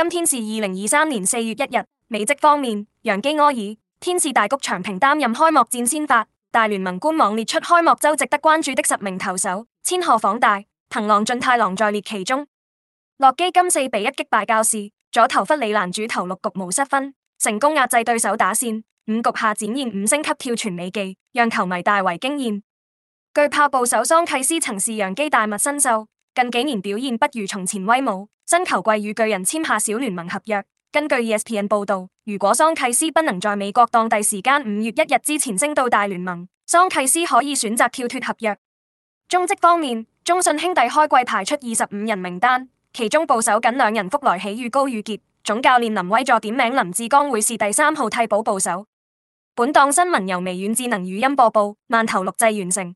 今天是二零二三年四月一日。美職方面，楊基柯爾天使大谷翔平擔任開幕戰先發。大聯盟官網列出開幕週值得關注的十名投手，千賀滉大、藤浪晉太郎在列其中。洛基金四比一擊敗教士，左投弗里蘭主投六局無失分，成功壓制對手打線，五局下展現五星級跳傳美技，讓球迷大為驚豔。巨炮捕手桑契斯曾是楊基大物新秀。近幾年表現不如從前威武，新球季與巨人簽下小聯盟合約。根據 ESPN 報道，如果桑契斯不能在美國當地時間五月一日之前升到大聯盟，桑契斯可以選擇跳脱合約。中職方面，中信兄弟開季排出二十五人名單，其中捕手僅兩人福來喜與高宇杰。總教練林威助點名林志剛會是第三號替補捕手。本檔新聞由微軟智能語音播報，萬頭錄製完成。